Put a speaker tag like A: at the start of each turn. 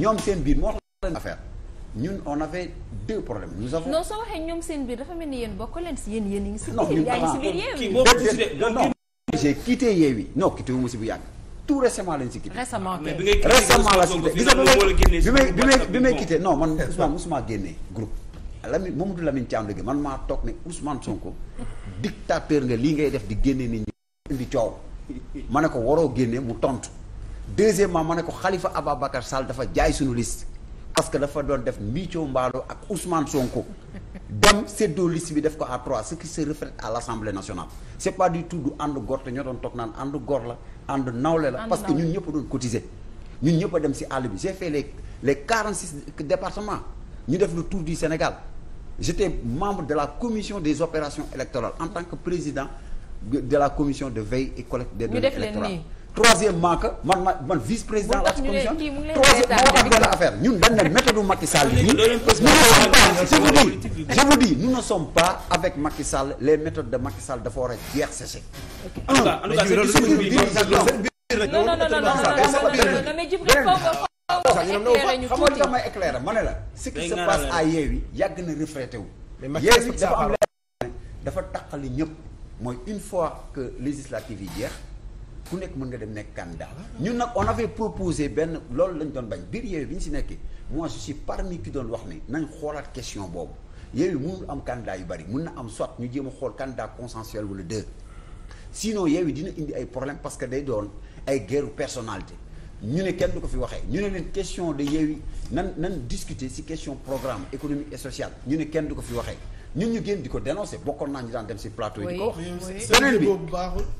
A: ñoom seen biir moo wax leen affaire ñun on avait deux problèmes nous avons. non soo waxee ñoom seen biir dafa mel ni yéen bokk leen si yéen yéen ngi si. non ñun ah non j'ai quitté wu ma si bu yàgg tout récemment lañ si quitté. récemment mais bi ngay quitté bi may bi may bi may quitté non man Ousmane Ousmane génnee groupe. Lamine Mamadou Lamine Thiam dëgg man maa toog ne Ousmane Sonko dictateur nga lii ngay def di génne ni ñi indi coow ma ne ko waroo génne mu tontu. deuxièmement ma ne ko Khalifa Ababacar Sall dafa jaay suñu liste parce que dafa doon def Mithio Mbalo ak Ousmane Sonko dem seddoo liste bi def ko à trois ce qui se reflète à l'Assemblée nationale c'est pas du tout du ànd gor te ñoo doon toog naan ànd gor la ànd nawle la parce que ñun ñëpp a doon cotiser ñun ñëpp dem si àll bi j'ai fait les les quarante six départements ñu def le tour du Sénégal j'étais membre de la commission des opérations électorales en tant que président de la commission de veille et collecte des troisièmement que man ma man vice président la commission troisième moo tax benn affaire ñun dañ ne méthode Macky Sall bi nous ne sommes pas je vous dis je vous dis nous ne sommes pas avec Macky Sall les méthodes de Macky Sall dafa war a jeex séché en tout cas non non non non non xam nga damay éclairer ma ne la ce qui se passe à Yewwi yàgg na reflété wu Yewwi dafa am leen dafa taqali ñëpp mooy une fois que législative yi jeex ku nekk mën nga dem nekk kandaa ñun nag on avait proposé benn loolu lañ doon bañ biir Yewwi bi ñu si nekkee moi je suis parmi ki doon wax ni nañ xoolaat question boobu Yewwi am candidat yu bari mën na am soit ñu jéem a xool candidat consensuel wala deux sinon Yewwi dina indi ay problème parce que day doon ay guerre personnalité ñu ne kenn du ko fi waxee ñu ne leen question de Yewwi nan nan discuter ci question programme économique social ñu ne kenn du ko fi waxee ñun ñu génn di ko dénoncer bokkoon naa ñu daan dem si plateau yi di ko wax